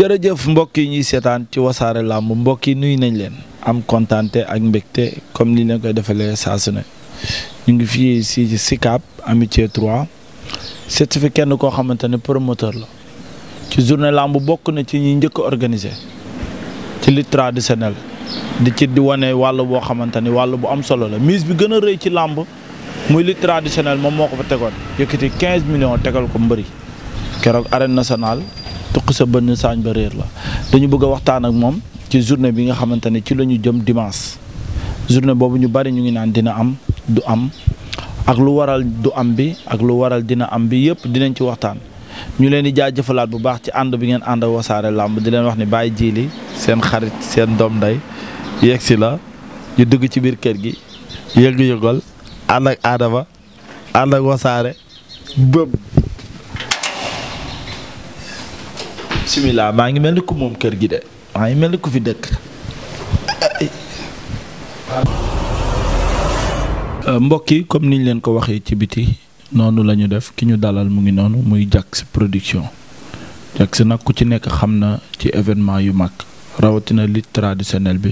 jërëjëf mbokk yi ñuy seetaan ci wasaare làmb mbokk yi nuyu nañ leen am kontaante ak mbégte comme ni leen koy defalee saa su ne ñu ngi fii si SICAP amitié 3 certifié kenn koo xamante ne promoteur la ci journée làmb bokk na ci ñuy njëkk organisé ci lutte traditionnelle di ci di wane wàll boo xamante ni wàll bu am solo la mise bi gën a rëy ci làmb muy lutte traditionnelle moom moo ko fa tegoon yëkkati 15 millions tegal ko mbëri keroog arène nationale tuq sa bënn saañ ba réer la dañu bëgg a waxtaan ak moom ci journée bi nga xamante ne ci la ñu jëm dimanche journée boobu ñu bari ñu ngi naan dina am du am ak lu waral du am bi ak lu waral dina am bi yëpp dinañ ci waxtaan ñu leen di jëfalaat bu baax ci ànd bi ngeen ànd ak wasaare làmb di leen wax ni bàyyi jiili seen xarit seen doom nday yegg si la ñu dugg ci biir kër gi yëngu-yëngal ànd ak aadama ànd ak wasaare bëpp bisimilah maa ngi mel ni ku moom kër gi de maa ngi mel ni ku fi dëkk. Euh, mbokk yi comme niñ leen ko waxee ci biti noonu la ñu def ki ñu dalal mu ngi noonu muy Diaks Production Diaks nag ku ci nekk xam na ci événement yu mag rawatina lit traditionnel bi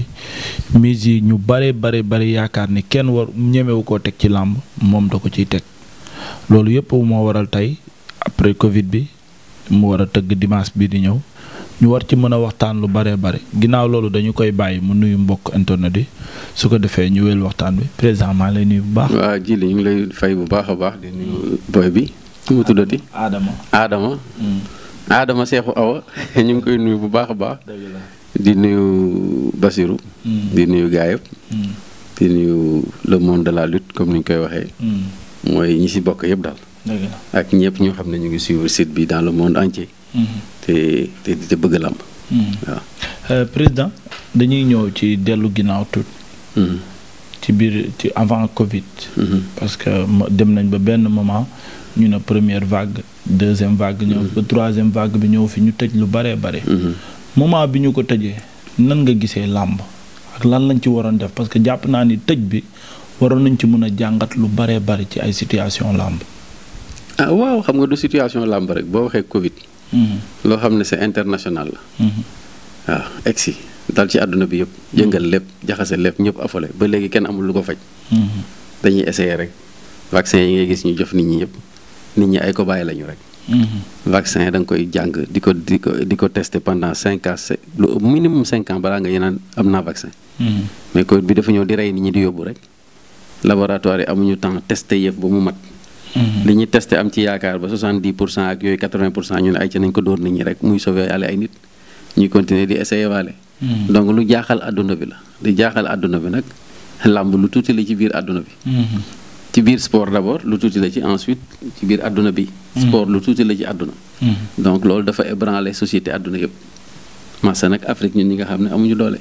mise yi ñu bare bare bari yaakaar ni kenn waru ñemewu koo teg ci làmb moom da ko ciy teg loolu yëpp moo waral tey après Covid bi. mu war a tëgg dimanche bii di ñëw ñu war ci mën a waxtaan lu baree bare ginnaaw loolu dañu koy bàyyi mu nuyu mbokk internet yi su ko defee ñu wéyal waxtaan bi présent maa lay nuyu bu baax. waaw ji li ñu ngi lay fay bu baax a baax di nuyu boy bi. su ma tuddati Adama Adama. Hmm. Adama Seexu Awa ñu ngi koy nuyu bu baax a baax. di nuyu Basirou. Hmm. di nuyu gaa hmm. di nuyu le monde de la lutte comme ni ñu koy waxee. mooy ñi si bokk yëpp daal. ak ñëpp ñoo xam ne ñu ngi suivre site bi dans le monde entier. Mm-hmm. te te te bëgg làmb mm-hmm. euh, président dañuy ñëw ci dellu ginnaaw tuut. Mm-hmm. ci biir ci avant Covid. parce que dem nañ ba benn moment ñu ne première vague deuxième vague. ñëw vague bi ñëw fi ñu tëj lu bare bare. moment bi ñu ko tëjee nan nga gisee làmb ak lan lañ ci waroon def parce que jàpp naa ni tëj bi waroon nañ ci mën a jàngat lu bare bare ci ay situation làmb. ah waaw xam nga du situation làmb rek boo waxee Covid. Mhm. loo xam ne c'est international la. waaw mhm. ah, egg si dal ci àdduna bi yëpp. Mhm. jëngal lépp jaxase lépp ñëpp afole ba léegi kenn amul lu ko faj. dañuy essayer rek vaccin yi ngay gis ñu jof nit ñi yëpp nit ñi ay ko bàyyi lañu rek. vaccin da nga koy jàng di ko di ko di ko tester pendant cinq ans lu minimum cinq ans balaa nga yenaan am naa vaccin. mais Covid bi dafa ñëw di rey nit ñi di yóbbu rek. laboratoire yi ba mu mat. Mm-hmm. li ñuy testé am ci yaakaar ba 70 pour cent ak yooyu 80 pour cent ñu ne ay ci nañ ko dóor nit ñi rek muy sauvé yàlla ay nit ñuy continuer di essayé mm-hmm. donc lu jaaxal àdduna bi la di jaaxal àdduna bi nag làmb lu tuuti la ci biir àdduna bi. Mm-hmm. ci biir sport d'abord lu tuuti la ci ensuite ci biir àdduna bi. sport lu tuuti la ci àdduna. donc loolu dafa ébranler société àdduna yëpp. massa nag Afrique ñun ñi nga xam ne amuñu doole.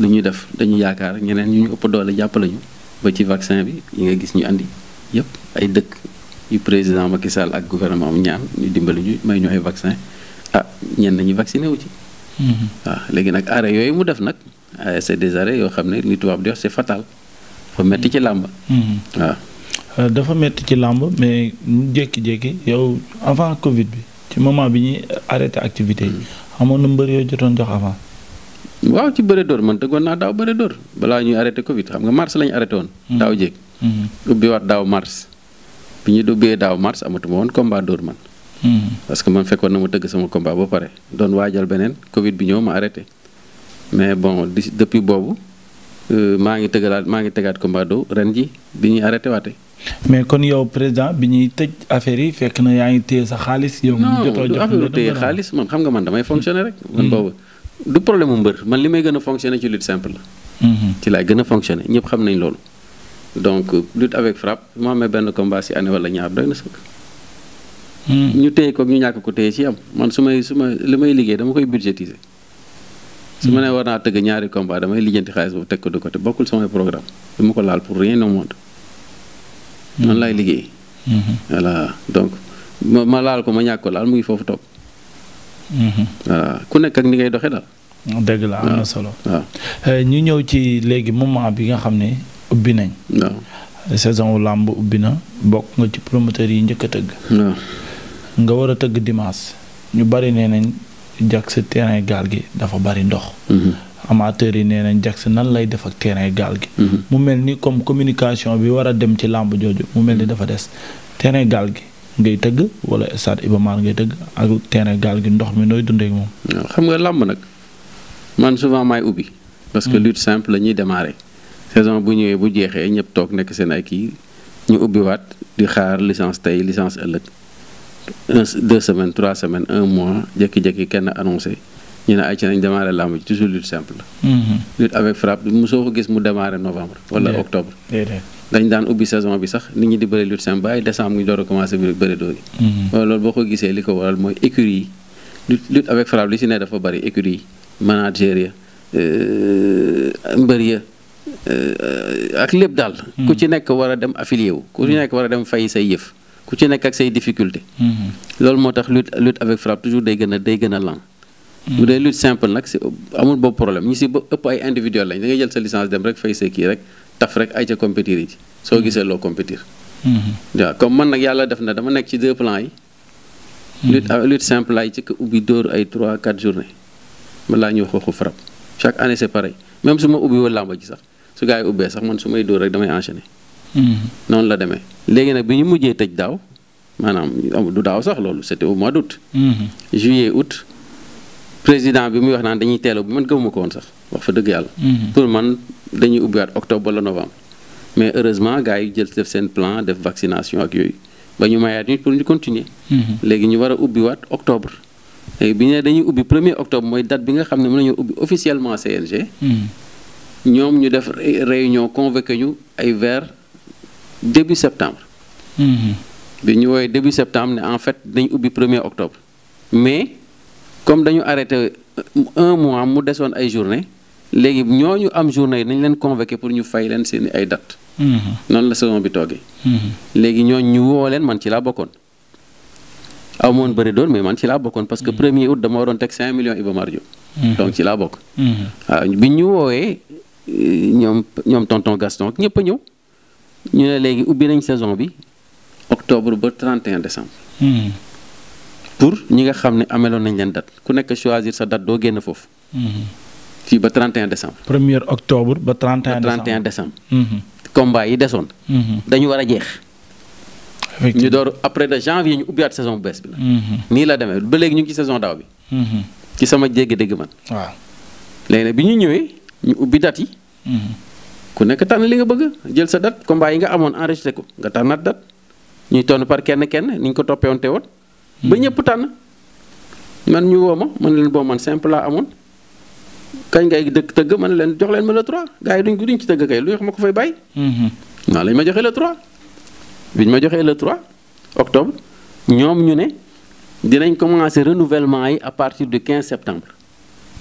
lu ñuy def dañu yaakaar ñeneen ñu ñu doole jàppale ñu ba ci vaccin bi yi nga gis ñu andi. yépp ay dëkk yu président Macky Sall ak gouvernement am ñaan ñu dimbali ñu may ñu ay vaccin ah ñenn ñi vacciné wu ci. Mhm. waaw léegi nag arrêt yooyu mu def nag euh, c'est des arrêts yoo xam ne li tubaab di wax c'est fatal. dafa metti ci làmb. Mhm. waaw. Euh, dafa metti ci làmb mais jékki-jékki yow avant Covid bi ci moment bi ñuy arrêté activité yi. Mhm. amoon na mbër yooyu jotoon jox avant. waaw ci bëre dóor man tëggoon naa daaw bëre dóor balaa ñuy arrêté Covid xam nga mars la ñu arrêté woon. daaw jéeg. Mm-hmm. ubbiwaat daaw mars bi ñu ubbee daaw mars amatuma woon combat dóor man. Mm-hmm. parce que man fekkoon na ma tëgg sama combat ba pare doon waajal beneen Covid bi ñëw ma arrêté mais bon di depuis boobu euh, maa ngi tëggalaat maa ngi tegaat combat dóor ren ji bi ñuy arete waate mais kon yow président bi ñuy tëj affaire yi fekk na yaa ngi téye sa xaalis. yow mu jotoo jox affaire téye xaalis man nga man damay fonctionner rek. man mm-hmm. boobu du problème mu mbër man li may gën a fonctionner ci lutte simple la. ci laay gën a fonctionner ñëpp xam nañ loolu. donc lutte avec frappe mu amee benn combat si année wala ñaar doy na sëkk. Hmm. ñu téye ko ñu ñàkk ko téye ci am man su may su ma li may liggéey dama koy budgétiser. su ma hmm. ne war naa tëgg ñaari combat damay lijjanti xaalis boobu teg ko de côté bokkul samay programme dama ko laal pour rien au monde. Hmm. noonu laay liggéey. voilà donc ma ma laal ko ma ñàkk ko laal mu ngi foofu toog. voilà ku nekk ak ni ngay doxee daal. dëgg la am na solo. waaw euh, ñu ñëw ci léegi moment bi nga xam ne ubbi nañ. saison làmb ubbi na bokk nga ci promoteur yi njëkk a tëgg. nga war a tëgg dimaas ñu bari nee nañ jag sa terrain gaal gi dafa bari ndox. Mhm. amateurs yi nee nañ jag sa nan lay def ak terrain gaal gi. Mhm. mu mel ni comme communication bi war a dem ci làmb jooju mu mel ni dafa des terrain gaal gi ngay tëgg wala stade Iba Mar ngay tëgg ak terrain gaal gi ndox mi nooy dundee ak moom. xam nga làmb nag man souvent maay ubbi. parce que mhm. lutte simple la ñuy démarrer. saison bu ñëwee bu jeexee ñëpp toog nekk seen ay kii ñu ubbi waat di xaar licence tey licence ëllëg un deux semaines trois semaines un mois jékki-jékki kenn annoncé ñu ne ay ci nañ démarré làmb ji toujours lutte simple. Mm-hmm. lutte avec frappe soo ko gis mu démarré novembre. wala octobre. dañ daan ubbi saison bi sax nit ñi di bëri lutte simple ba ay décembre ñu door a commencé bëri doole. Mm-hmm. wala loolu boo ko gisee li ko waral mooy écurie yi avec frappe li si ne dafa bëri écurie yi manager ya euh, Euh, ak lépp daal. Hmm. ku ci nekk war a dem affilié wu ku ci hmm. nekk war a dem fay say yëf ku ci nekk ak say difficulté hmm. loolu moo tax lutte lutte avec frappe toujours day gën a day gën a lent. bu dee lutte simple nag si amul boobu problème ñu si ba ëpp ay individuel lañ da ngay jël sa licence dem rek fay say kii rek taf rek ay ca compétir yi soo gisee loo compétir. waaw comme man nag yàlla def na dama nekk ci deux plans yi. lutte ah, lutte simple laay ci ubbi dóor ay 3 4 journées balaa ñuy xooxu frappe chaque année c'est pareil même su ma ubbi woon làmba ji sax. su gars yi ubbee sax man su may dóor rek damay enchaîner. Hmm. noonu la demee léegi nag bi ñu mujjee tëj daaw maanaam du daaw sax loolu c'était au mois d'août. Hmm. juillet août président bi muy wax naan dañuy teel a man gëmuma ko woon sax wax fa dëgg yàlla. Hmm. pour man dañuy ubbiwaat octobre wala novembre. mais heureusement gars yi jël def seen plan def vaccination ak yooyu ba ñu mayaat nit pour ñu continuer. léegi ñu war a ubbiwaat octobre. léegi bi ñu ne dañuy ubbi premier octobre mooy date bi nga xam ne mën nañoo ubbi officiellement CNG. ñoom ñu def réunion convoqué ñu ay vers début septembre. Mm-hmm. bi ñu woowee début septembre ne en fait dañ ubbi premier octobre. mais comme dañu arrêté euh, un mois mu desoon ay journée léegi ñu am journée nañ leen convoqué pour ñu fay leen seeni ay dat mm-hmm. noonu la saison bi toogee. Mm-hmm. léegi ñooñu ñu woo leen man ci laa bokkoon. aw moon bëri doon mais man ci laa bokkoon parce que premier août dama waroon teg 5 millions Iba Mar Diop. donc ci laa bokk. waaw bi ñu ñoom ñoom tonton Gaston ak ñëpp a ñëw ñu ne léegi ubbi nañ saison bi octobre ba 31 décembre. Hmm. pour ñi nga xam ne ameloon nañ leen date ku nekk choisir sa date doo génn foofu. Hmm. fii ba 31 décembre. 1er octobre ba 31. ba 31 décembre. Hmm. combat yi desoon. dañu war a jeex. ñu door après de janvier ñu ubbiwaat saison bu bees bi la. nii la demee ba léegi ñu ngi ci saison daaw bi. ci sama jéggi dégg man. waaw léegi bi ñu ñëwee. ñu ubbi date yi. Mm-hmm. ku nekk tànn li nga bëgg jël sa date combat yi nga amoon enregistré ko nga tànnaat date ñuy tonn par kenn kenn ni ñu ko toppee woon te woon. ba mm-hmm. ñëpp tànn man ñu woo ma man leen boo man simple laa amoon kañ ngay dëkk tëgg man leen jox leen ma le 3 gars yi duñ duñ ci tëgg kay lu wax ma ko fay bàyyi. waaw mm-hmm. lañ ma joxee le 3 biñ ma joxee le 3 octobre ñoom ñu ne dinañ commencer renouvellement yi à partir du 15 septembre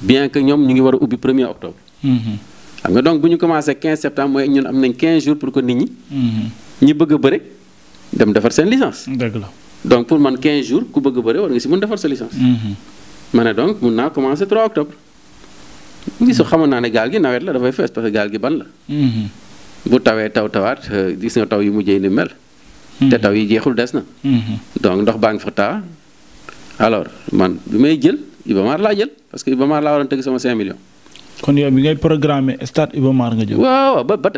bien que ñoom ñu ngi war a ubbi 1 octobre. Mm-hmm. xam nga donc bu ñu commencé 15 septembre mooy ñun am nañ 15 jours pour que nit ñi. Mm-hmm. ñi bëgg a bëre dem defar seen licence. la donc pour man 15 jours ku bëgg a bëre war nga si mën defar sa licence. Mm-hmm. ma ne donc mun naa commencé 3 octobre. gisu xamoon naa ne gaal gi nawet la dafay fees parce que gaal gi ban la. bu tawee taw tawaat euh, gis nga taw yu mujjee ni mel. te taw yi jeexul des na. donc ndox baa ngi fa taa alors man bi may jël Iba kon yow bi ngay programmer stade Iba Mar nga jëm. waaw ba ba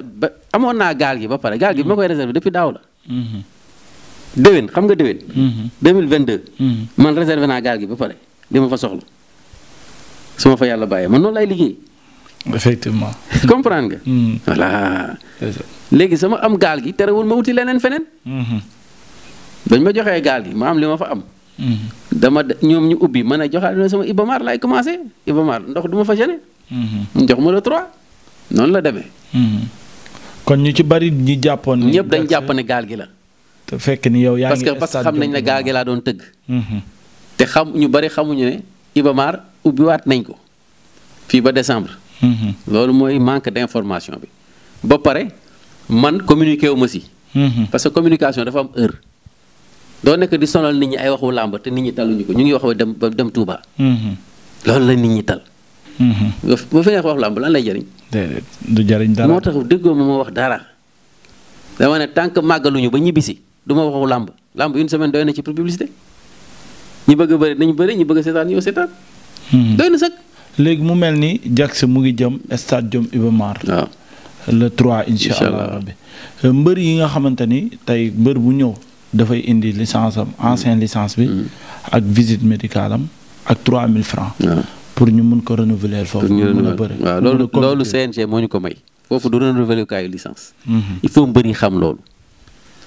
amoon naa gaal gi ba pare gaal gi bi ma koy réservé depuis daaw la. Mm-hmm. déwén xam nga déwén. 2022. Mm-hmm. Mm-hmm. man réservé naa gaal gi ba pare li ma fa soxla su ma fa yàlla bàyyee man noonu lay liggéey. effectivement. comprendre nga. Mm. voilà. léegi sama am gaal gi terewul ma wuti leneen feneen. bañ ma joxee gaal gi ma am li ma fa am. dama ñoom ñu ubbi man a joxaat na Iba Mar laay commencé Iba Mar ndox du ma fa gêné. ñu mm-hmm. jox ma le 3 noonu la demee. Mm-hmm. kon ñu ci bari ñi jàppoon. ñëpp dañ jàpp ne gaal gi la. te fekk ni yow yaa ngi. parce que parce que xam nañ ne gaal gi laa doon tëgg. Mm-hmm. te xam ñu bari xamuñu ne Ibamar ubbiwaat nañ ko fii ba décembre. loolu mooy manque d'information bi. ba pare man communiqué ma si. parce que communication dafa am heure. doo nekk di sonal nit ñi ay waxu làmb te nit ñi taluñu ko ñu ngi wax dem dem Touba. loolu la nit ñi tal. bu fi neex wax làmb lan lay jëriñ. du jëriñ dara moo tax déggoo wax dara. dama ne tant que màggaluñu ba ñibbisi du ma waxu làmb làmb une semaine doy na ci pour ñi bëgg a bëri nañu bëri ñi bëgg a seetaan ñëw seetaan. Hmm. doy na sax. léegi mu mel ni Jax mu ngi jëm stade Jom Iba Mar. waaw le 3 mbër yi nga xamante ni tey mbër bu ñëw dafay indi licence am ancienne hmm. licence bi. Hmm. ak visite médicale am ak mille francs. pour ñu mun ko renouveler foofu. pour ñu renouveler waaw loolu loolu CNG moo ñu ko may. foofu du renouveler kaayu licence. Mhm. il faut mbër yi xam loolu.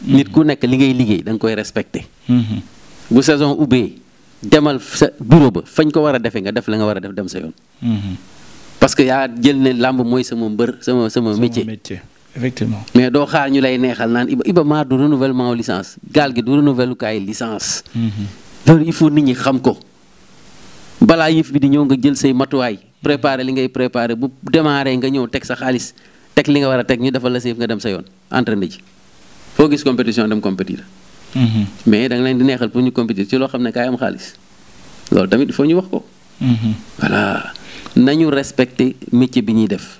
Mhm. nit ku nekk li ngay liggéey da nga koy respecté. Mhm. bu saison a la nga war a def sa yoon. parce que yaa jël ne làmb mooy sama mbër sama sama métier. effectivement mais doo renouvellement licence il faut nit ñi xam ko. balaa yëf bi di ñëw nga jël say matuwaay préparer li ngay préparer bu démarrer nga ñëw teg sa xaalis teg li nga war a teg ñu defal la sa yëf nga dem sa yoon entraîné ji foo gis compétition dem compétir. Mm-hmm. mais da nga leen di neexal pour ñu compétir ci loo xam ne kaay am xaalis loolu tamit foo ñu wax ko. Mm-hmm. voilà nañu respecter métier bi ñuy def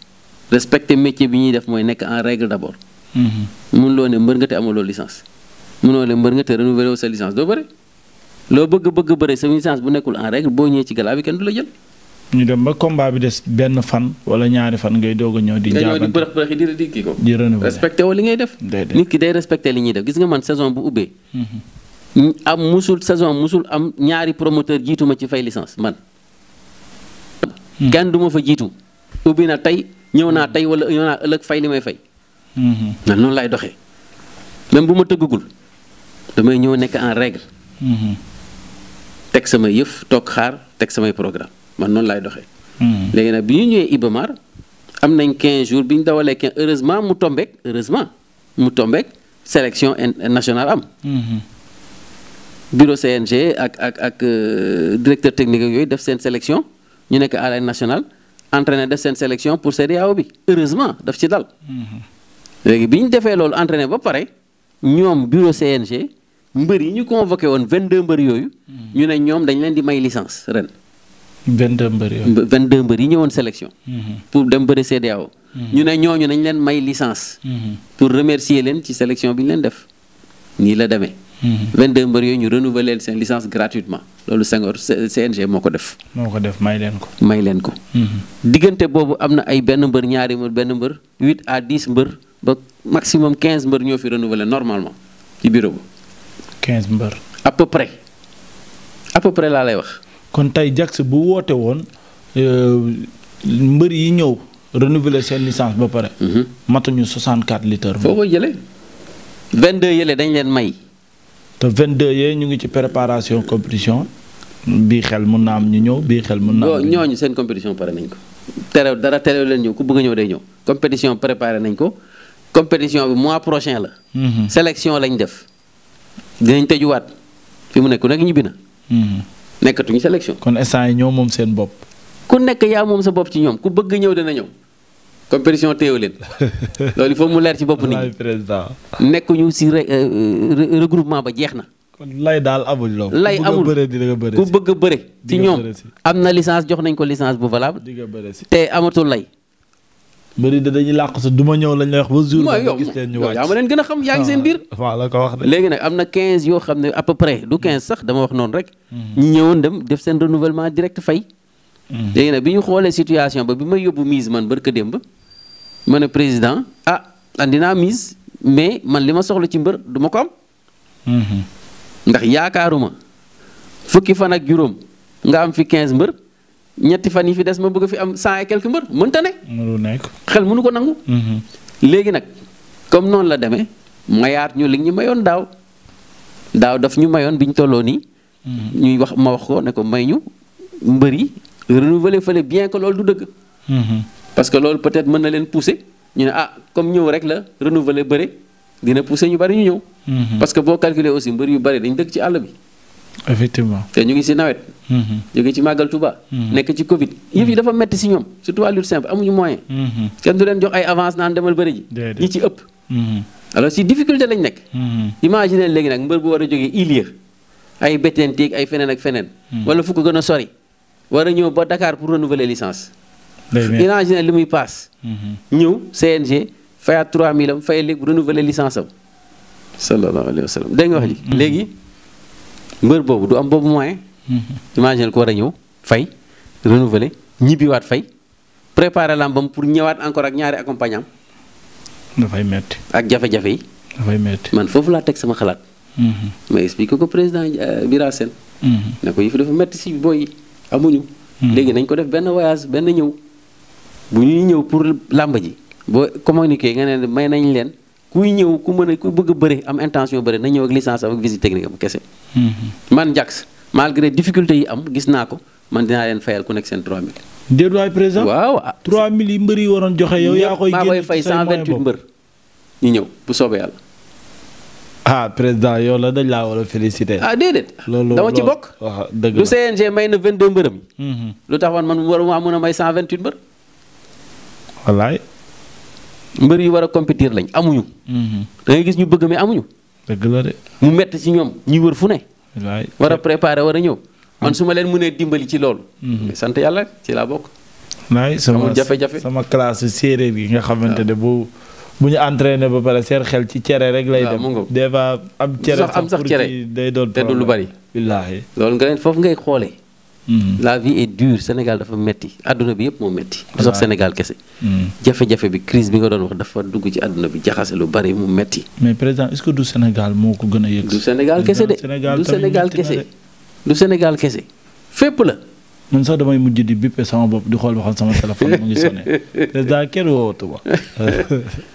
respecter métier bi ñuy def mooy nekk en règle d'abord. mun mm-hmm. loo ne mbër nga amuloo licence munoo ne mbër loo bëgg bëgg bëre sa licence bu nekkul en règle boo ñëwee ci galaa bi kenn du la jël. ñu dem ba combat bi des benn fan wala ñaari fan ngay doog a ñëw di. jaabante nga ñëw di bërëx bërëx di kii ko. di renouveler respecté li ngay def. nit ki day respecté li ñuy def gis nga man saison bu ubbee. Mhm. am mosul saison musul am ñaari promoteur jiitu ma ci fay licence man. Mhm. kenn du ma fa jiitu. ubbi na tey ñëw naa tey wala ñëw naa ëllëg fay li may fay. Mhm. man noonu lay doxee. même bu ma tëggagul damay ñëw nekk en règle. teg sama yëf toog xaar teg samay programme man noonu laay doxee. Hmm. léegi nag bi ñu ñëwee Ibamar am nañ quinze jours bi ñu dawalee 15 heureusement mu tombeek heureusement mu tombeek sélection nationale am. Hmm. bureau CNG ak ak ak euh, directeur technique yooyu def seen sélection ñu nekk à l'arène nationale entraîné def seen sélection pour CEDEAO bi heureusement def ci dal. Hmm. léegi bi ñu defee loolu entraîné ba pare ñoom bureau CNG. mbër yi ñu convoqué woon 22 mbër yooyu. Hmm. ñu ne ñoom dañ leen di may licence ren. 22 mbër yooyu 22 mbër yi ñëwoon sélection. Hmm. pour dem bëri CEDEAO. Hmm. ñu ne ñooñu nañ leen may licence. pour remercier leen ci sélection bi ñu leen def nii la demee. de mbër yooyu ñu renouveler leen seen licence gratuitement loolu Senghor CNG moo ko def. moo ko def may leen ko. may leen ko. diggante boobu am na ay benn mbër ñaari mbër benn mbër 8 à 10 mbër ba maximum 15 mbër ñoo fi renouveler normalement ci bureau 15 mbër. à peu près à peu près laa lay wax. kon tey Jax bu woote woon euh, mbër yi ñëw renouveler seen licence ba pare. Mhm. matuñu 64 litres. foo ko jëlee 22 yële dañ leen may. te 22 yee ñu ngi ci préparation compétition bii xel mun naa am ñu ñëw bii xel mun naa am ñooñu seen compétition pare nañ ko. terew dara terew leen ñëw ku bëgg ñëw day ñëw compétition préparé nañ ko compétition bi mois prochain la. Mhm. sélection lañ def. dinañ tëjuwaat fi mu nekk ku nekk ñibbi na. Hmm. nekkatuñu sélection. kon instant yi ñoo moom seen bopp. ku nekk yaa moom sa bopp ci ñoom ku bëgg ñëw dana ñëw. compétition teewu leen loolu il faut mu leer ci bopp nit ñi président nekkuñu si euh, regroupement ba jeex na. kon lay daal amul lool. lay amul ku bëgg a bëre ci ñoom am na licence jox nañ ko licence bu valable. te amatul lay. mbëri de dañuy làq sa duma ñëw lañ lay wax ba jour ba leen yaa ma leen gën a xam yaa ngi seen biir ah, ko wax léegi nag am na quinze yoo xam ne à peu près du 15 sax dama wax noonu rek mhm. ñi ñëwoon dem def seen renouvellement direct fay mhm. léegi nag bi ñu xoolee situation ba bi may yóbbu mise man barka démb ma ne président ah andi naa mise mais man li ma soxla ci mbër du ma ko am mhm. ndax yaakaaruma fukki fan ak juróom nga am fi quinze mbër ñetti fan yi fi des ma bëgg fi am cent et quelques mbër mënta ne. mënu nekk xel mënu ko nangu. Mhm. léegi nag comme noonu la demee mayaat ñu li ñu mayoon daaw daaw daf ñu mayoon bi ñu tolloo nii. Mhm. ñuy wax ma wax ko ne ko may ñu mbër yi renouveler fële bien que lool du dëgg. Mhm. parce que loolu peut-être mën na leen pousser ñu ne ah comme ñëw rek la renouveler bëre dina pousser ñu bari ñu ñëw. parce que boo calculer aussi mbër yu bari dañ dëkk ci àll bi. effectivement te ñu ngi si nawet. Mm-hmm. ñu ngi ci màggal Touba. Mm-hmm. nekk ci Covid yëf yi dafa metti si ñoom surtout à lutte simple amuñu moyen. Mm-hmm. kenn du leen jox ay avance naan demal bëri ji. ñi ci ëpp. alors si difficulté lañ nekk. imagine léegi nag mbër bu war a jógee Iliya ay Bettenteeg ay feneen ak feneen. wala fu ko gën a sori. war a ñëw ba dakaar pour renouveler licence. imagine li muy paas. ñëw CNG fayaat 3000 am fay léegi renouveler licence am. sallallahu alayhi wa sallam dégg nga wax ji léegi. mbër boobu du am boobu moyen. Mhm. imagine ko war a ñëw fay renouveler ñibbiwaat fay préparer làmbam pour ñëwaat encore ak ñaari accompagnant dafay mett ak jafe-jafe yi. dafay metti man foofu laa teg sama xalaat. Mhm. ma expliqué ko président euh, Bira Sène mhm. ne ko yëf dafa metti si booy amuñu. léegi nañ ko def benn voyage benn ñëw bu ñuy ñëw pour làmb ji boo communiqué nga ne may nañ leen. kuy ñëw ku mën a ku bëgg a bëri am intention bëri na ñëw ak licence am ak visite technique am kese. Mhm. man Jax malgré difficulté yi am gis naa ko man dinaa leen fayal ku nekk seen 3000. déedéet waay président waaw 3000 yi mbër yi waroon joxe yow. yaa koy génn maa koy fay 128 mbër ñu ñëw bu soobee yàlla. ah président yow la dañ laa war a féliciter. ah déedéet. dama ci bokk. lu CNG may na 22 mbërëm. Mhm. lu tax man man maa mën a may 128 mbër. wallaay. mbër yi war a compétir lañ amuñu. Mhm. da ngay gis ñu bëgg mi amuñu. dëgg la de. mu métti ci ñoom ñi wër fu ne. waay war a préparer war a ñëw. man mm. su ma leen mënee dimbali ci lool mhm. sant yàlla ci laa bokk. naay sama jafe-jafe sama classe séeréer yi nga xamante ne bu. bu ñu entraîné ba pare xel ci cere rek. lay dem des fois am cere sax am sax cere te du lu bari. wallaahi loolu nga leen foofu ngay xoolee. Mm. la vie est dure Sénégal dafa metti àdduna bi yëpp moo metti du sax Sénégal kese mm. bi crise bi nga doon wax dafa dugg ci àdduna bi jaxase lu bari mu metti mais président est-ce que du Sénégal moo ko gën a yëg du kese de du Sénégal kese du Sénégal kese fépp la man sax damay mujj di bippe sama bopp di xool waxoon sama téléphone mu ngi sonné président kenn woowatu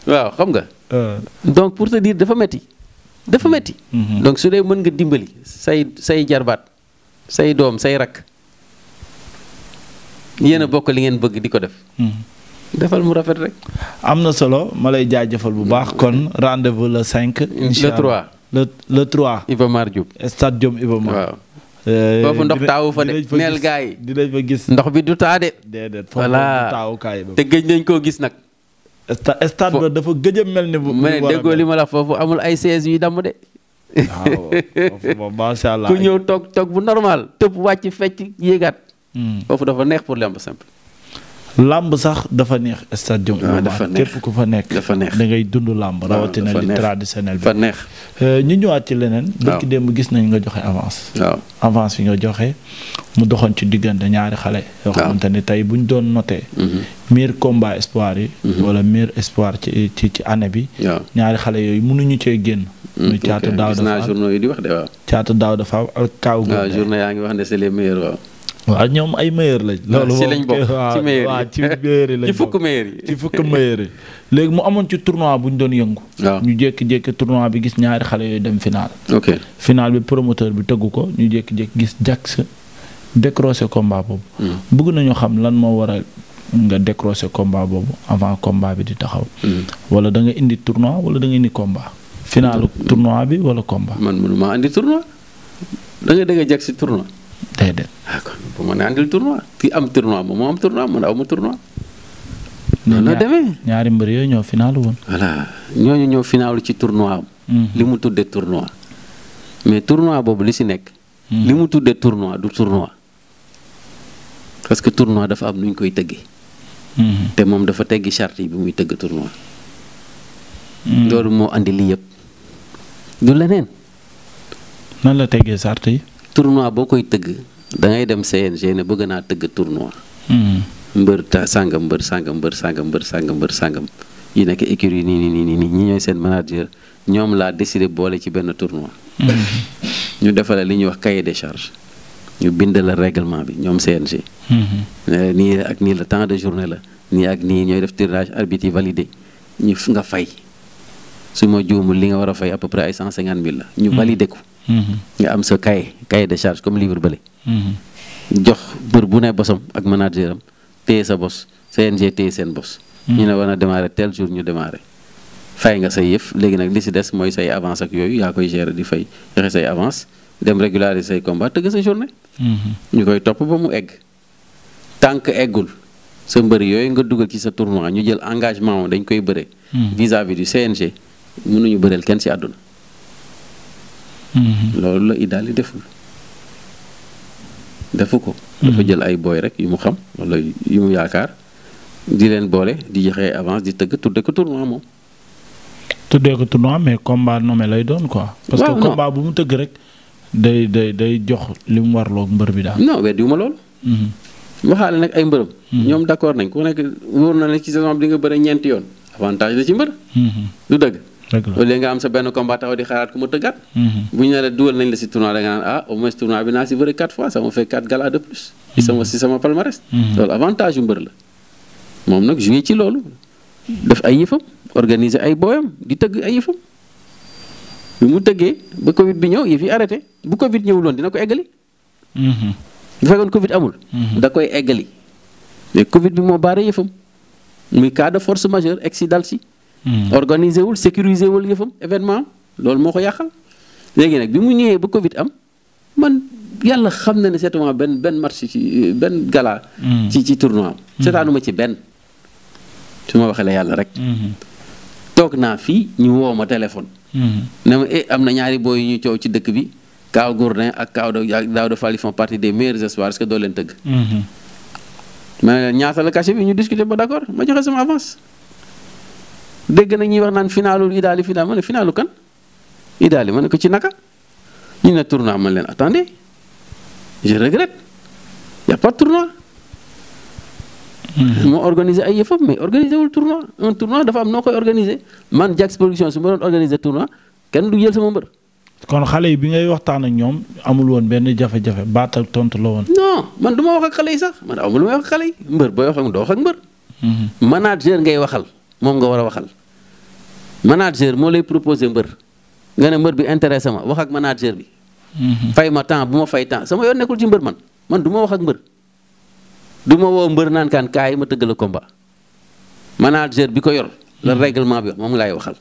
waaw xam nga euh. donc pour te dafa metti dafa metti mm-hmm. donc su dee mën nga dimbali say say jarbaat say doom say rakk yéen a bokk li ngeen bëgg di ko def. Hmm. defal mu rafet rek. am na solo ma lay jaajëfal bu baax kon rendez-vous le 5. incha allah le 3 le le 3. Iba stade Diop Iba Mar. waaw euh, foofu ndox taawu fa de neel gaa yi dinañ fa gis ndox bi du taa de. déedéet foofu ndox taawukaay te gëj nañ koo gis nag. stade ba dafa gëj mel ni ma ne déggoo li ma la foofu amul ay sièges yu damm de. Ah, macha allah ku ñëw toog toog bu normal tëb wàcc fecc yéegaat. Hmm. foofu dafa neex pour lamb simple. làmb sax dafa neex stade ah, dafa neex képp ku fa nekk. dafa neex da ngay dund làmb ah, rawatina li traditionnel bi. dafa neex euh, ñu ñëwaat ci leneen. waaw démb gis nañ nga joxe avance. waaw avance bi nga joxe mu doxoon ci diggante ñaari xale. yoo xamante ne tey bu ñu doon noté. Mm-hmm. meilleur combat espoir yi. Mm-hmm. wala meilleur espoir ci ci ci année bi. ñaari xale yooyu mënuñu cee génn. Mm, muy caatu daaw dafa am gis di wax de caatu daaw dafa am ak kaaw. waaw ah, journaux yaa ngi wax ne c'est les waaw. waaw ñoom ay meilleur lañ. loolu ci lañ bokk ci meilleur yi ci meilleur yi lañ bokk ci fukk meilleur yi. léegi mu amoon ci tournoi bu ñu doon yëngu. ñu jékki-jékki tournoi bi gis ñaari xale yooyu dem final. ok final bi promoteur bi tëggu ko ñu jékki-jékki gis Jax décroché combat boobu. Hmm. bëgg nañu xam lan moo waral nga décroché combat boobu avant combat bi di taxaw. Hmm. wala da nga indi tournoi wala da indi combat. final hmm. tournoi bi wala combat. man mënuma indi tournoi da nga dégg Jax tournoi. déedéet. ah kon bu ma ne kii am tournoi moom moo am tournoi man aw ma tournoi. noonu ñaari mbër yooyu ñoo final woon. voilà ñooñu ñoo final ci tournoi li mu tuddee tournoi. Mhm. mais tournoi boobu li si nekk. li mu tuddee tournoi du tournoi. parce que tournoi dafa am nuñ koy tëggee. te moom dafa teggi charte yi bi muy tëgg tournoi. loolu moo andi lii yëpp. du leneen. nan la teggee charte yi. tournoi boo koy tëgg dangay dem CNG ne bëgg naa tëgg tournoi. Hmm. mbër ta sàngam mbër sàngam mbër sàngam mbër sàngam mbër sàngam yi nekk écurie nii nii nii nii ñi ñooy seen manager ñoom laa décidé boole ci benn tournoi. Hmm. ñu defal li ñuy wax cahier des charges ñu bind la règlement bi ñoom CNG. ne hmm. euh, nii ak nii la temps de journée la nii ak nii ñooy def tirage arbitre yi validé ñu nga fay su ma juumul li nga war a fay à peu près ay 150 la. ñu validé ko. nga am sa cahier cahier de charge comme livre bële. jox bër bu ne bosam ak manager am téye sa bos CNG téye seen bos. ñu ne war a démarrer tel jour ñu démarrer. fay nga say yëf léegi nag li si des mooy say avance ak yooyu yaa koy gérer di fay joxe say avance dem régulariser say combat tëgg sa journée. ñu koy topp ba mu egg. tant que eggul sa mbër yooyu nga dugal ci sa tournoi ñu jël engagement dañ koy bëre. Hmm. vis-à-vis du CNG mënuñu bëreel kenn si àdduna. Mm-hmm. loolu la Idaly deful defu ko. dafa mm-hmm. jël ay booy rek yu mu xam wala yu mu yaakaar di leen boole di joxe avance di tëgg tuddee ko tournoi moom. tuddee ko tournoi mais combat nommé lay doon quoi. parce que combat bu mu tëgg rek day day day jox li mu warloog mbër bi daal. non weddiwuma loolu. Mm-hmm. waxaale nag ay mbërëm. ñoom d'accord nañ ku nekk wóor na ne ci saison bi di nga bëre ñeenti yoon avantage la ci mbër. du dëgg. loolu nga am sa benn combat taxaw di xaaraat ku ma tëggaat mhm. bu ñu ne la dugal nañ la si tournoi da naan ah au moins tournoi bi naa si bëri quatre fois ça m'a quatre galas de plus si mhm. sama si sama mhm. avantage yu mbër la moom nag joué ci loolu def ay yëfam organiser ay booyam di tëgg ay yëfam bi mu tëggee ba covid bi ñëw yëf yi arrêté bu covid ñëwul dina ko eggali bu fekkoon amul da koy eggali mais bi moo baare yëfam muy cas de force majeure egg si dal si Hmm. organisé wul sécurisé wul yëfam événement loolu moo ko yàqal. léegi nag bi mu ñëwee ba Covid am man yàlla xam na ne seetumaa benn benn match ci benn gala. Hmm. ci ci tournoi am. Hmm. seetaanuma ci benn su ma waxee la yàlla rek. toog naa fii ñu woo ma téléphone. ne ma eh am na ñaari booy yu ñu coow ci dëkk bi Kaaw Gourdin ak Kaaw Daouda Fall font partie des meilleurs espoirs que doo leen tëgg. ma ne leen ñaata la cachet bi ñu discuter ba d'accord ma joxe sama avance. dégg na ñuy wax naan finaalul idaali final ma ne finaalu kan idaali ma ne ko ci naka ñu ne tournoi ma leen attendez je regrette y a pas de tournoi. Mhm. moo organisé ay yëfam mais organisé wul tournoi un tournoi dafa am noo koy organisé man Jax production su ma doon organisé tournoi kenn du jël sama mbër. kon xale yi bi ngay waxtaan ak ñoom amul woon benn jafe-jafe baatal tontu la woon. non man du ma wax ak xale yi sax man amul may wax ak xale yi mbër booy wax doo wax ak mbër. Mhm. manager ngay waxal. moom nga war a waxal manager moo lay proposé mbër nga ne mbër bi intéressé ma wax ak manager bi. Mhm. fay ma temps bu ma fay temps sama yoon nekkul ci mbër man man du ma wax ak mbër du ma woo mbër naan kaan kaay ma tëggal a combat manager bi ko yor. la mhm. règlement bi wax moom laay waxal.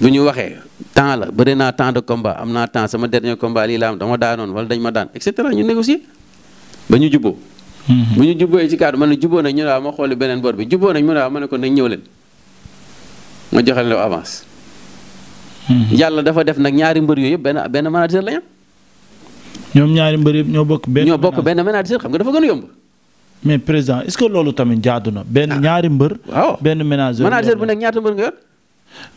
bu ñu waxee temps la bëri naa temps de combat am naa temps sama dernier combat lii la am dama daanoon wala dañ ma daan et cetera ñu négocier ba ñu juboo Mm-hmm. bu ñu jubbooyee ci kàddu ma ne jubboo nañ ñu ne waaw ma xooli beneen bor bi jubboo nañ mu ne waaw ma ne ko nañ ñëw leen ma joxe leen avance. Mm-hmm. yàlla dafa def nag ñaari mbër yoo yëpp benn benn manager la ñu ñoom ñaari mbër yëpp ñoo bokk. benn ñoo bokk benn manager xam nga dafa gën a yomb. mais président est-ce que loolu tamit jaadu na. benn ah. ñaari mbër. waaw benn manager. manager bu nekk ñaata mbër nga yor.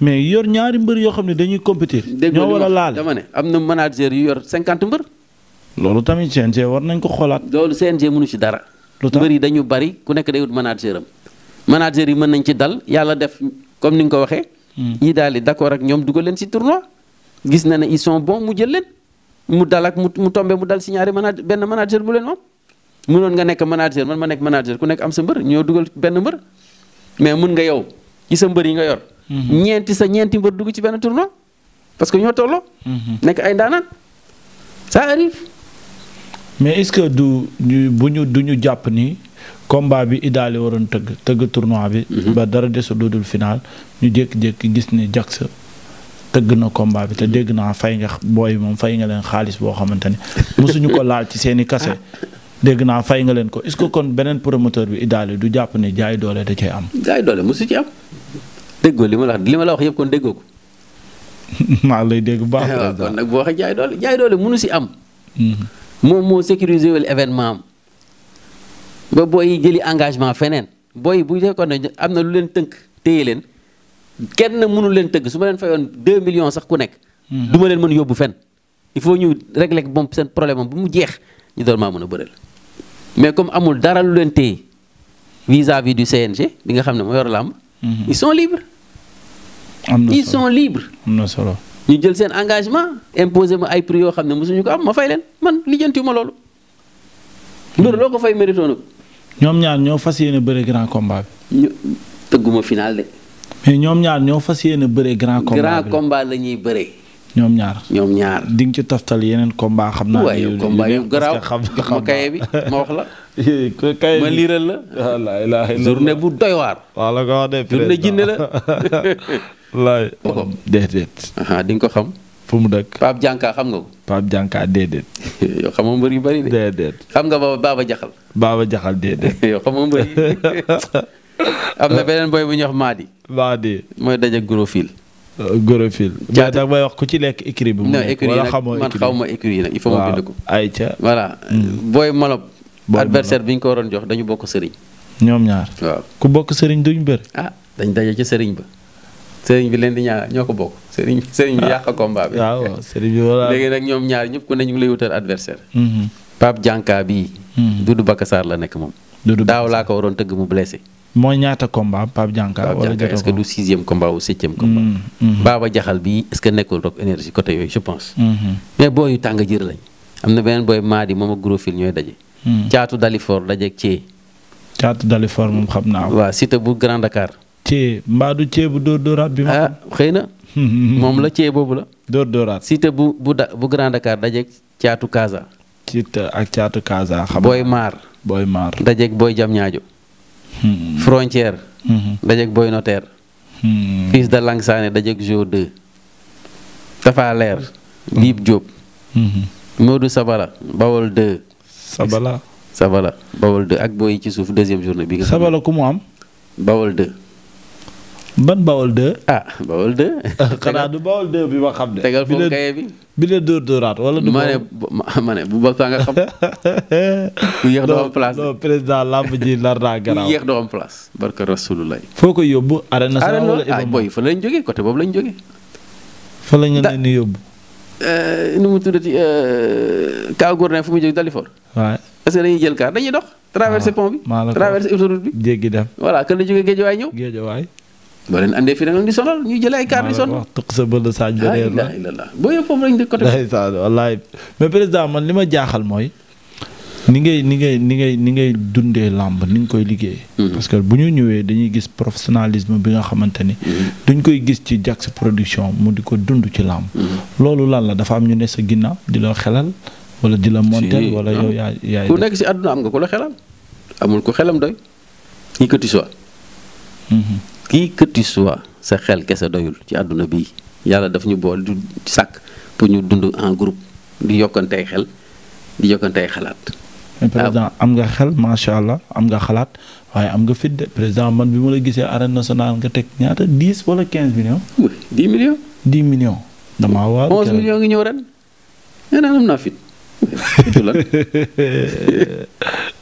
mais yor ñaari mbër yoo xam ne dañuy compétir. ñoo war a laal dama ne am na manager yu yor cinquante mbër. loolu tamit CNG war nañ ko xoolaat. loolu CNG mënu ci dara. lu tax mbër yi dañu bari ku nekk day wut manager am manager yi mën nañ ci dal yàlla def comme ni nga ko waxee. Hmm. ñi daal di d'accord ak ñoom dugal leen ci tournoi. gis na ne ils sont mu jël leen mu dal ak mu mu tombé mu dal ci ñaari manager benn manager bu leen moom. mënoon nga nekk manager man ma nekk manager ku nekk am sa ñoo dugal benn mbër mais mun yow ci sa mbër yi nga yor. Hmm. ñeenti ñeenti mbër dugg ci benn tournoi parce mais est-ce que du ñu bu ñu du ñu jàpp ni combat bi idaali waroon tëgg tëgg tournoi bi. Mhm. ba dara desul dudul final ñu jékki jékk gis ni Jax tëgg na komba bi te dégg naa fay nga booy moom fay nga leen xaalis boo xamante ni mosuñu ko laal ci seeni kase ah. dégg naa fay nga leen ko est-ce que kon beneen promoteur bi idaali du jàpp ni jaay doole da cay am. jaay doole mosu ci am. déggoo li ma la wax li ma la wax yëpp kon déggoo ko. maa lay dégg baax. kon nag boo waxee jaay doole jaay doole si am. Mhm. moom moo sécuriser wul événement am ba booy yi jëli engagement feneen booy yi bu fekkoon ne am na lu leen tënk téye leen kenn mënul leen tëgg su ma leen fayoon 2 millions sax ku nekk. Mhm. du ma leen mën yóbbu fenn. il faut ñu régler moom seen problème am bu mu jeex ñu doon maa mën a bëral mais comme amul dara lu leen téye vis-à-vis du CNG bi nga xam ne moo yor làmb. Mhm. ils sont libres. am na ils sont am na solo ñu jël seen engagement imposer ma ay prix yoo xam ne mosuñu ko am ma fay leen. man lijjantiwuma loolu. mbër loo ko fay mérito nag. ñoom ñaar ñoo fas yéene bëre grand combat bi. ñu tëgguma final de. mais ñoom ñaar ñoo fas yéene bëre ñuy bëre. ñoom ñaar ñoom ñaar. di nga ci toftal yeneen combat xam naa. waaye yow combat kaye bi ma wax la. kaye ma liiral la. wallaahi bu doy waar. waaw la ko wax de. journée la. wallaahi. ko xam. fu mu dëkk. Pape Dianka xam nga ko. Pape Dianka déedéet. yow xam mbër yu bari de. déedéet xam nga baba Baba Jaxal. Baba Jaxal déedéet. yow xam nga mbër yi am na beneen boy bu ñuy wax Madi. Madi mooy daje Gorofil. Gorofil. Euh, jaata mais da may wax ku ci lekk écurie bi. non écurie nag man xaw ma écurie nag il faut ma bind ko. ayca voilà. Hmm. booy Malop. booy adversaire biñ ko waroon jox dañu bokk sëriñ. ñoom ñaar. waaw ku bokk sëriñ duñ bëri. ah dañ ca sëriñ ba. sëriñ bi leen di ñaar ñoo ko bokk sëriñ bi ah. yàq combat bi. waaw sëriñ bi léegi nag ñoom ñaar ñëpp ku ne ñu ngi lay wutal adversaire. Mm-hmm. Pape Dianka bii. Mm-hmm. Doudou Bakassar la nekk moom. Doudou daaw laa ko waroon tëgg mu blessé. mooy ñaata combat Pape Dianka. wala est ce que du sixième combat ou septième combat. Mm-hmm. Baba Jaxal bii est ce que nekkul Rock Énergie côté yooyu je pense. mais booy yu tàng jër lañ. am na beneen booy Madi moom ak Gros Fil ñooy daje. caatu Dalifor dajeeg Thié. caatu Dalifor moom cee mbaa du cee dóor dóoraat bi. Ah, na. moom la cee boobu la. dóor bu bu da bu Grand Dakar dajeeg caatu Kaza. Siteu ak caatu Kaza. xam Boy Maar. Boy Maar dajeeg hmm. frontière. Hmm. dajeeg Boy Notaire. Hmm. fils de Langsaane dajeeg jour 2. Tafa Leer. Biib Diop. Modou Sabala Bawol 2. Sabala. Sabala Bawol ak booy ci suuf deuxième journée bi. Sabala ku mu am. Bawol 2. ban Bawol 2 ah. Bawol 2. xanaa bi ma xam ne. tegal foofu kaye bi bi la dóor dóoraat wala. du ma ne ma ne bu baax nga xam. bu yéex doo am place non président làmb ji nar naa garaaw. bu yéex doo am foo ko yóbbu. arène nationale wala Iba ah, boy fa lañ jógee côté boobu lañ jógee. fa la ñu leen di yóbbu. Eh, nu mu tuddati eh, Kaaw Gourdin fu mu jógee Dalifor. waaw est-ce que dañuy jël kaar dañuy dox. Ah, traversé pont bi. traversé autoroute bi. jéggi dem voilà kan la jógee Géejawaay ñëw. Géejawaay. boo leen andee fi ñuy jëlee ay kaar di sonal. wax tuq sa bëll saaj ba la ah boo yëpp foofu lañ ma jaaxal mooy ni ngay ni ni ngay ni ngay dundee làmb ni nga koy liggéey hmm. parce que bu ñu ñëwee dañuy gis professionnalisme bi nga xamante ni. Hmm. duñ koy gis ci Jax production mu di ko dund ci làmb hmm. loolu lan la dafa am ñu ne sa ginnaaw di la xelal wala di la monter wala ah. yow yaay yaay. ku nekk si àdduna am nga ko la xelal amul ko xelam doy ñi ko kii que tu sois sa xel kese doyul ci àdduna bii yàlla daf ñu bool du sàkk pour ñu dund en groupe di yokkantey xel di yokkantey xalaat. président am nga xel macha allah am nga xalaat waaye am nga fit de président man bi ma la gisee arène nationale nga teg ñaata 10 wala quinze millions. 10 millions. 10 millions. damaa millions ngi ñëw ren. nee naa am naa fit. fitu lan.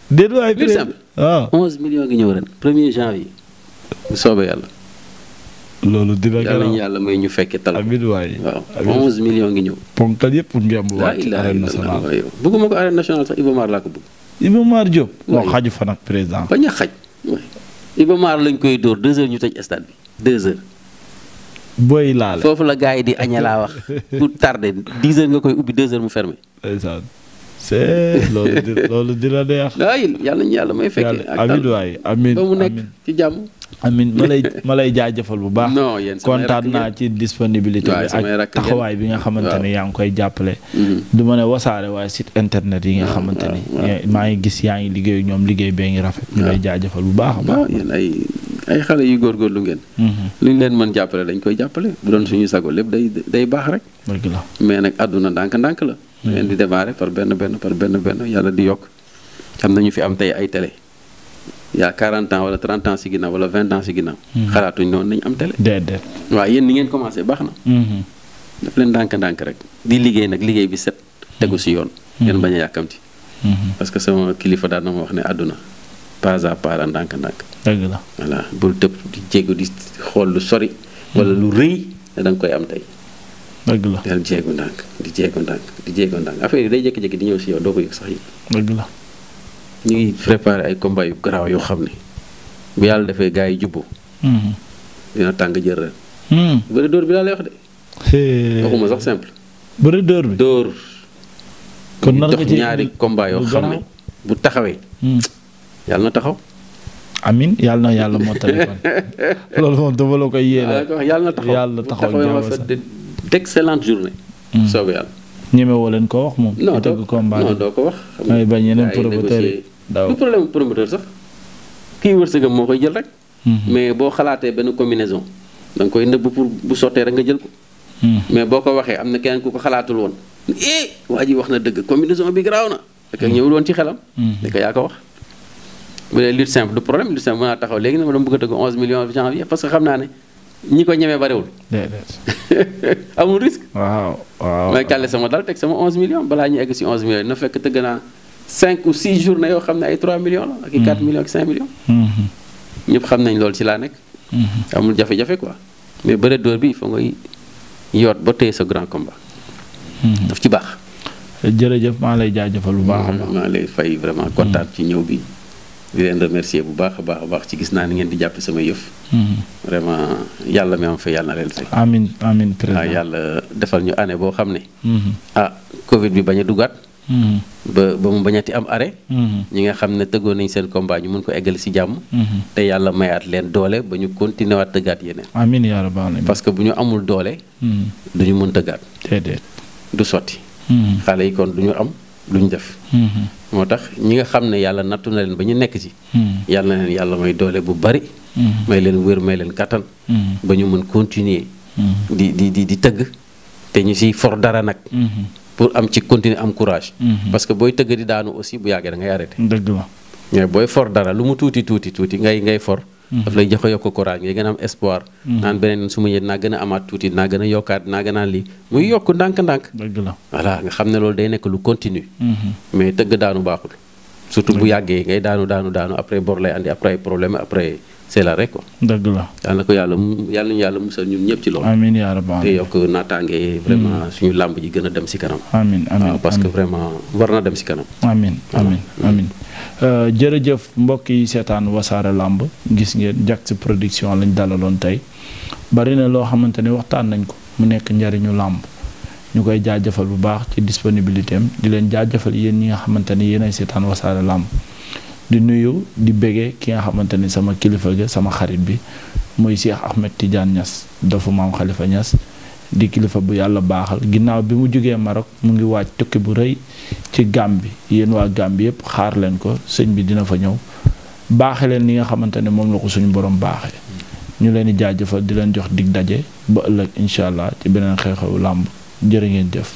déedéet ngi ñëw ren 1er janvier. bu soobee yàlla. loolu dina gën a yàlla may ñu fekke tal. amiin waay waaw 11 millions ngi ñëw. ponkal yëpp ngemb waay ci arène nationale. bëgguma ko arène nationale sax Iba Mar laa ko bëgg. Iba Mar Diop. xaju fa nag président. bañ a xaj. Iba Mar lañ koy dóor 2 heures ñu tëj stade bi 2 heures. booy laale foofu la gars yi di aña laa wax pour tardé 10 heures nga koy ubbi 2 heures mu fermé. c'est loolu di loolu di la waaye yàlla ñu yàlla may fekkee. ak amiin waay mu nekk ci jàmm. amiin ma lay ma lay jaajëfal bu baax. non yéen kontaan naa ci disponibilité bi ak taxawaay bi nga xamante ni yaa ngi koy jàppale. Mm-hmm. du ma ne wasaare waaye sit internet yi nga xamante ni. maa ngi gis yaa ngi liggéey ñoom liggéey bee ngi rafet. ñu lay jaajëfal bu baax a baax. yéen ay ay xale yu góorgóorlu ngeen. Mm-hmm. lu ñu leen mën jàppale dañ koy jàppale bu doon suñu sago lépp day day baax rek. dëgg la mais nag àdduna ndànk-ndànk la ñu leen di démarrer par benn benn par benn benn yàlla di yokk am na ñu fi am tey ay télé yaa 40 ans wala 30 ans si ginnaaw wala vingt ans si ginnaaw. Mhm. xalaatuñ noonu nañ am télé. déedéet waaw yéen ni ngeen commencé baax na. Mhm. daf leen ndànk-ndànk rek di liggéey nag liggéey bi set tegu si yoon. Mhm. ngeen bañ a yàkkamti. parce que sama kilifa daan na wax ne àdduna pas à ndànk-ndànk. dëgg la voilà bul tëb di jéego di xool lu sori. wala lu rëy da nga koy am tey. dëgg la del jéego ndànk di jéego ndànk yi day jékki-jékki di ñëw ñu ngi préparé ay combat yu yoo xam ne yàlla defee gars yi jubbu. Hmm. dina tàng jër ren. Hmm. bi laa lay wax de. waxuma sax simple. bëri bi dóor. kon nan nga ci ñaari combat yoo xam ne bu taxawee. Hmm. yàlla na taxaw. amin yàlla na yàlla moo taxawee kon loolu moom dama la koy yéene. yàlla na taxaw yàlla taxaw d'excellente journée. soobee hmm. yàlla. ñemewoo leen ko wax moom. non doo ko wax. ay bañ yeneen promoteurs yi daaw problème promoteur sax kii wërsëgam moo koy jël rek. Hmm. mais boo xalaatee benn combinaison da nga koy nëbb pour bu sotee rek nga jël ko. Hmm. mais boo ko waxee am na keneen ku ko xalaatul woon. eh waa ji wax na dëgg combinaison bi garaaw na. da ñëwul woon ci xelam. da yaa ko wax. bu dee lutte simple du problème lutte simple mën naa taxaw léegi nag ma doon bëgg a tëgg naa ñi ko ñemee bariwul. amul risque. waaw may kàlle sama dal teg sama onze million balaa ñu egg si 11 millions na fekk tëgg naa 5 ou 6 journées yoo xam ne ay 3 mm-hmm. millions ak i 4 millions ak mm-hmm. 5 ñëpp xam nañ loolu ci laa nekk. Mm-hmm. amul jafe-jafe quoi mais bëre dóor bi fa ngay yoot ba téye sa grand combat. daf ci baax. jërëjëf maa lay jaajëfal bu baax a baax. maa lay fay vraiment kontaan ci ñëw bi. di leen remercier bu baax a baax a baax ci gis naa ni ngeen di jàpp sama yëf. Mm-hmm. vraiment yàlla mi am ah, yàlla defal ñu année boo xam ne. Mm-hmm. ah Covid bi bañ a dugaat. Mm-hmm. ba ba mu bañati am arrêt. ñi nga xam ne tëggoon nañ seen combat ñu mun ko eggal si jàmm. te yàlla mayaat leen doole ba ñu continué tëggaat yeneen. amiin bu ñu amul doole. du ñu mun tëggaat. du sotti. xale yi kon du ñu am. lu ñu def. Mm-hmm. moo tax ñi nga xam ne yàlla nattu na leen ba ñu nekk ci. Mm-hmm. yàlla na leen yàlla may doole bu bari. Mm-hmm. may leen wér may leen kattan. ba ñu mën continuer. di di di di tëgg te ñu siy for dara nag. pour am ci continuer am courage. parce que booy tëgg di daanu aussi bu yàggee da ngay arrêté. dëgg la mais booy for dara lu mu tuuti tuuti tuuti ngay ngay for. Mm-hmm. daf lay jox yokk courage ngay gën a am espoir mm-hmm. naan beneen su ma ñëwee naa gën a amaat tuuti naa gën a yokkaat naa gën a lii muy yokk ndànk-ndànk voilà nga xam ne loolu day nekk lu continue mm-hmm. mais tëgg daanu baaxul surtout bu yàggee ngay daanu daanu daanu après bor lay andi après problème après c'est la rek ko dëgg la yal ko yàlla mu yàlla yàlla musal ñun ñëpp ci loolu amiin yaa rabbi te yokk naataange vraiment mm. suñu làmb ji gën a dem si kanam amin amiin parce que vraiment war dem si kanam amiin amiin mm. euh, jërëjëf mbokk yi seetaan wasaare làmb gis ngeen Diaks production lañ dalaloon tey bari na loo xamante ne waxtaan nañ ko mu nekk njariñu làmb ñu koy jaajëfal bu baax ci disponibilité am di leen jaajëfal yéen ñi nga xamante ne yéen ay seetaan wasaare làmb di nuyu di bëggee ki nga xamante ni sama kilifa ga sama xarit bi muy Cheikh Ahmed Tidiane Niass dofu maam Khalifa Niass di kilifa bu yàlla baaxal ginnaaw bi mu jógee Maroc mu ngi waaj tukki bu rëy ci Gàmbi yéen waa Gàmbi yëpp xaar leen ko sëñ bi dina fa ñëw baaxe leen li nga xamante ne moom la ko suñu borom baaxee ñu leen di jaajëfal di leen jox dig daje ba ëllëg incha allah ci beneen xew-xewu làmb jërë ngeen jëf.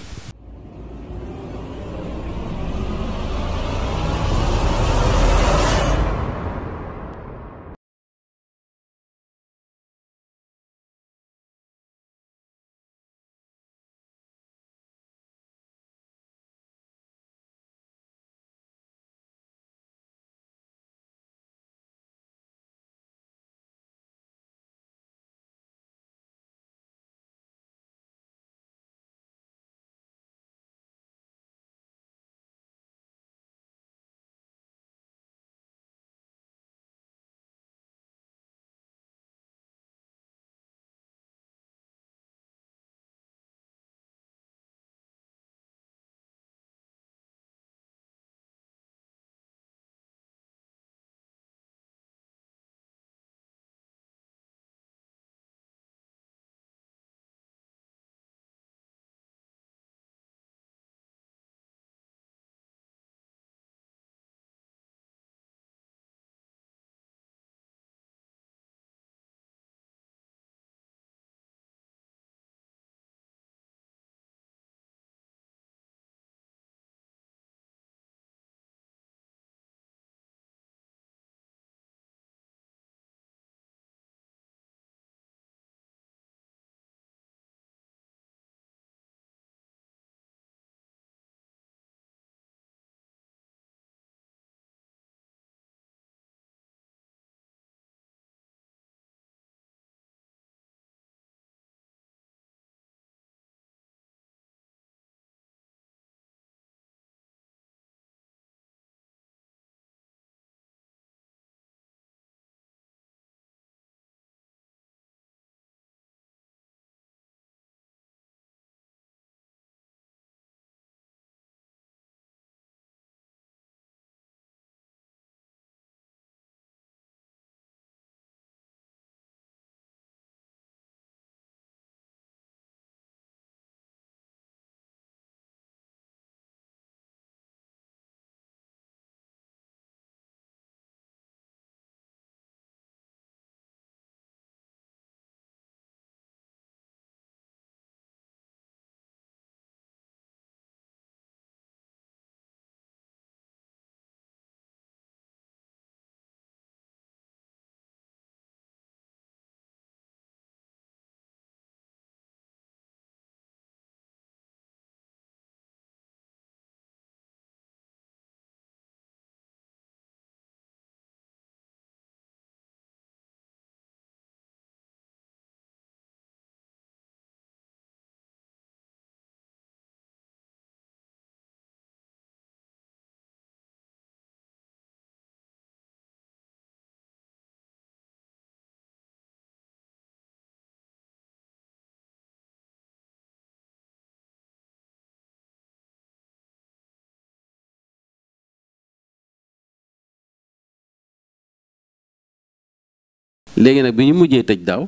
léegi nag bi ñu mujjee tëj daaw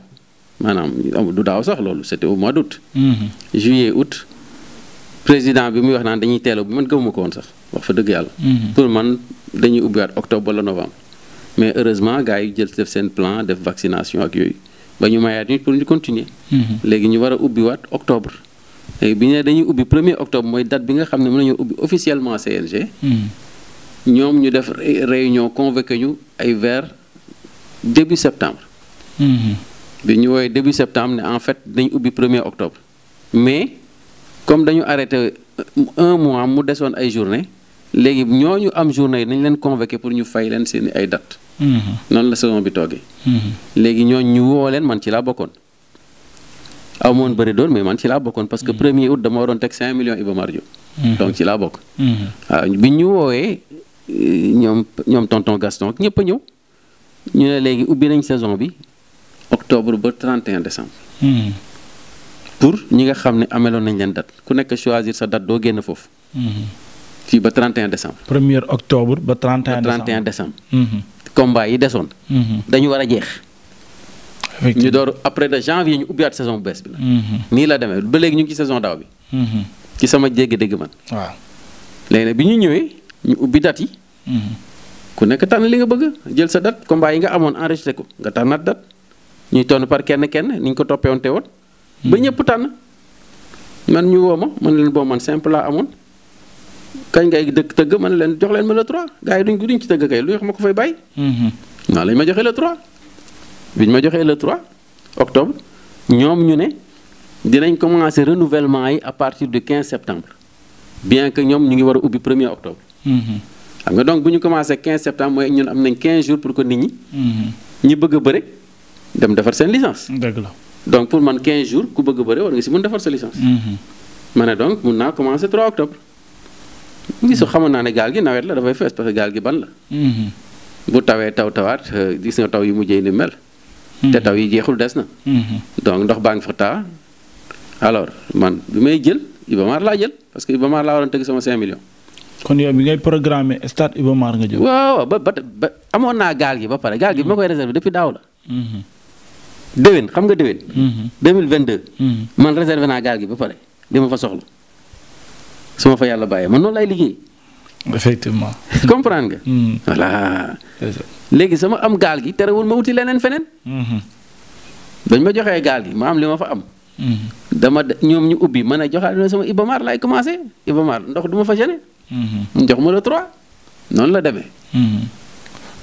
maanaam du daaw sax loolu c'était au mois d'août. Mhm. juillet août président bi muy wax naan dañuy teel a bu man gëmuma ko woon sax wax fa dëgg yàlla. Mhm. pour man dañuy ubbiwaat octobre la novembre. mais heureusement gars yi jël def seen plan def vaccination ak yooyu ba ñu mayaat ñu pour ñu continuer. Mhm. léegi ñu war a ubbiwaat octobre. léegi bi ñu ne dañuy ubbi premier octobre mooy date bi nga xam ne mën nañoo ubbi officiellement CNG. ñoom ñu def réunion convoqué ñu ay vers début septembre. Mm-hmm. bi ñu woowee début septembre ne en fait dañ ubbi premier octobre. mais comme dañu arrêté euh, un mois mu desoon ay journée léegi ñooñu am journée yi nañ leen convoqué pour ñu fay leen seen ay date mm-hmm. noonu la saison bi toogee. Mm-hmm. léegi ñooñu ñu woo leen man ci laa bokkoon. aw moon bëri doon mais man ci laa bokkoon parce que premier août dama waroon teg 5 millions Iba Mar Diop. donc ci laa bokk. waaw bi ñu woowee euh, ñoom tonton Gaston ñëpp ñëw. ñu ne léegi ubbi nañ saison bi octobre ba 31 décembre. Hmm. pour ñi nga xam ne ameloon nañ leen date ku nekk choisir sa date doo génn foofu. Hmm. fii ba 31 décembre. 1er octobre ba 31 décembre ba 31 décembre. Hmm. combat yi desoon. dañu war a jeex. ñu door après de janvier ñu ubbiwaat saison bu bees bi la. nii la demee ba léegi ñu ngi ci saison daaw bi. ci sama jéggi dégg man. waaw léegi nag bi ñu ñëwee ñu ubbi date yi. ku nekk tànn li nga bëgg jël sa date combat yi nga amoon enregistré ko nga tànnaat date ñuy tonn par kenn kenn ni ñu ko toppee woon te woon ba hmm. ñëpp tànn man ñu woo ma man leen boo man simple laa amoon kañ ngay dëkk tëgg man leen jox leen ma le 3 gars yi duñ duñ ci tëgg kay lu yox ma ko fay bàyyi. waaw hmm. lañ ma joxee le bi ñu ma joxee le 3 octobre ñoom ñu ne dinañ commencer renouvellement yi à partir du quinze septembre bien que ñoom ñu ngi war a ubbi 1 octobre. Hmm. xam nga donc bu ñu commencé 15 septembre mooy ñun am nañ 15 jours pour que nit ñi. Mhm. ñi bëgg a bëre dem defar seen licence. dëgg la donc pour man 15 jours ku bëgg a bëre war nga si mën defar sa licence. Mhm. ma ne donc mun naa commencé 3 octobre. gisu xamoon naa ne gaal gi nawet la dafay fees parce que gaal gi ban la. Mhm. bu tawee taw tawaat euh, gis nga taw yu mujjee ni mel. te taw yi jeexul des na. donc ndox baa ngi fa taa. alors man bi may jël Ibamar kon yow bi ngay programmer stade Iba Mar nga jëm. waaw ba ba amoon naa gaal gi ba pare gaal gi bi ma mm-hmm. koy réservé depuis daaw la. Mm-hmm. déwén xam nga déwén. 2022. Mm-hmm. man réservé naa gaal gi ba pare li ma fa soxla su ma fa yàlla bàyyee man noonu lay liggéey. effectivement. comprendre nga. Mm. voilà. léegi sama am gaal gi terewul ma wuti leneen feneen. bañ ma joxee gaal gi ma am li ma fa am. dama ñoom ñu ubbi man a joxaat na Iba Mar lay commencé Iba ndox duma fa gêné. Mm-hmm. jox ma le 3 noonu la demee. Mm-hmm.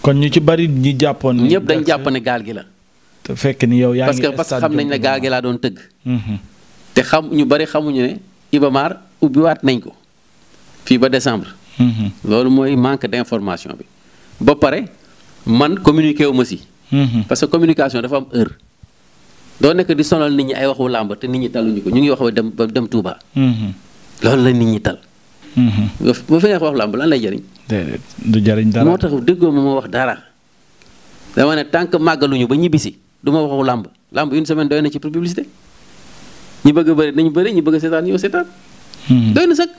kon ñu ci bari ñi jàppoon. ñëpp dañ jàpp ne gaal gi la. te fekk ni yow yaa ngi. parce que parce que xam nañ ne gaal gi laa doon tëgg. Mm-hmm. te xam ñu bari xamuñu ne Ibamar ubbiwaat nañ ko fii ba décembre. loolu mooy manque d'information bi. ba pare man communiqué wu ma si. parce que communication dafa am heure. doo nekk di sonal nit ñi ay waxu làmb te nit ñi taluñu ko ñu ngi wax dem dem Touba. loolu la nit ñi tal. boo fi nekk wax làmb lan lay jëriñ. du jëriñ dara moo tax déggoo mu ma wax dara. dama ne tant màggaluñu ba ñibbisi du ma waxu làmb làmb une semaine doy na ci publicité ñi bëgg a bëri nañu bëri ñi bëgg a seetaan ñoo seetaan. Mm-hmm. doy na sax